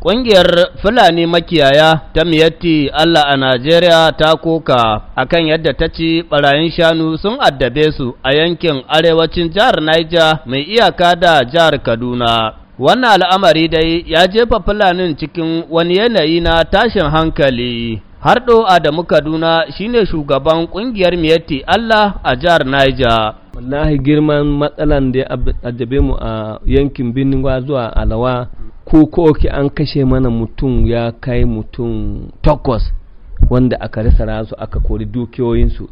Ƙungiyar Fulani makiyaya ta miyatti Allah a Najeriya ta koka a kan yadda ta ci ɓarayin shanu sun addabe su a yankin arewacin jihar Niger mai iyaka da jihar Kaduna. Wannan al'amari dai ya jefa Fulanin cikin wani yanayi na tashin hankali. Harɗo Adamu Kaduna shi ne shugaban ƙungiyar miyatti Allah a jihar Niger. wallahi girman matsalan da ya addabe mu a yankin Wa zuwa alawa ko ko an kashe mana mutum ya kai mutum takwas wanda aka rasa rasu aka kori dukiyoyinsu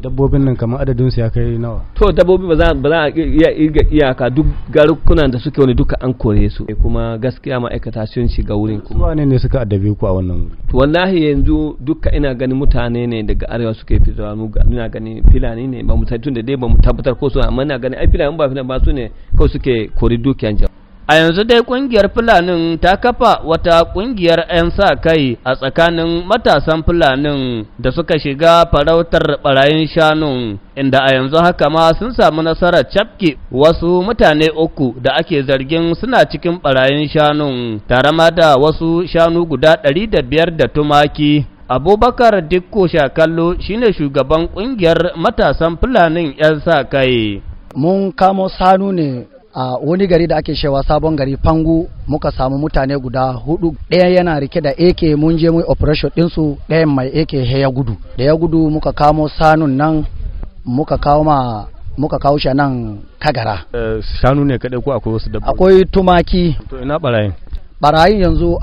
dabbobin nan kamar adadinsu ya kai nawa to dabbobi ba za a iya iyaka duk garukunan da suke wani duka an kore su eh, kuma gaskiya ma'aikata sun shiga wurin kuma wane ne suka addabe ku a wannan wuri to wallahi yanzu duka ina gani mutane ne daga arewa suke fitowa mu ina gani filani ne ba mu tun da dai ba mu tabbatar ko su amma ina gani ai filani ba filani ba su ne kawai suke kori dukiyan jama'a A yanzu dai ƙungiyar Fulanin ta kafa wata ƙungiyar 'yan sa kai a tsakanin matasan Fulanin da suka shiga farautar ɓarayin shanu, inda a yanzu haka ma sun samu nasarar cafke wasu mutane uku da ake zargin suna cikin ɓarayin shanu, tare ma da wasu shanu guda ɗari da biyar da tumaki. Abubakar Dikko Shakallo shine shugaban ƙungiyar matasan Fulanin 'yan sa kai. Mun kamo sanu ne a wani gari da ake cewa sabon gari fangu muka samu mutane guda hudu ɗaya yana rike da ak mun je mai operation ɗinsu ɗayan mai ak ya gudu da ya gudu muka kamo sanun nan muka kawo ma muka kawo shi nan kagara eh, shanu ne kaɗai ko akwai wasu dabbobi akwai tumaki to ina barayin barayin yanzu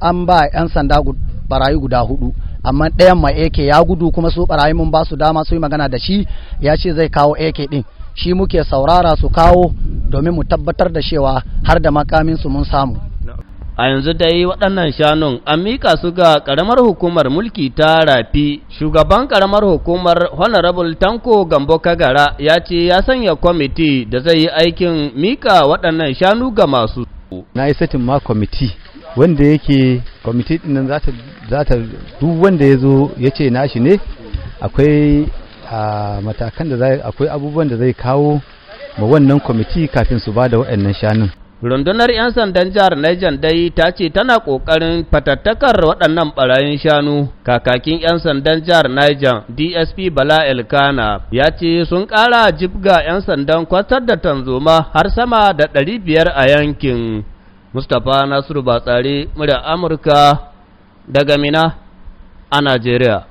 an ba yan sanda barayi guda hudu amma ɗayan mai ak ya gudu kuma su barayi mun ba su dama su yi magana da shi ya ce zai kawo ak ɗin shi muke saurara su kawo domin mu tabbatar da cewa har da makamin su mun samu a yanzu dai waɗannan shanun an mika su ga ƙaramar hukumar mulki ta rafi shugaban ƙaramar hukumar honorable tanko gambo kagara ya ce ya sanya kwamiti da zai yi aikin mika waɗannan shanu ga masu na yi satin ma kwamiti wanda yake kwamiti ɗin za ta duk wanda ya zo ya ce nashi ne akwai a matakan da akwai abubuwan da zai kawo ma wannan kwamiti kafin su ba da waɗannan shanun. Rundunar 'yan sandan jihar Niger dai ta ce tana ƙoƙarin fatattakar waɗannan ɓarayin shanu. Kakakin 'yan sandan jihar Niger DSP Bala Elkana ya ce sun ƙara jibga 'yan sandan kwatar da tanzoma har sama da ɗari biyar a yankin. Mustapha Nasiru Batsari, murya Amurka daga Mina a Najeriya.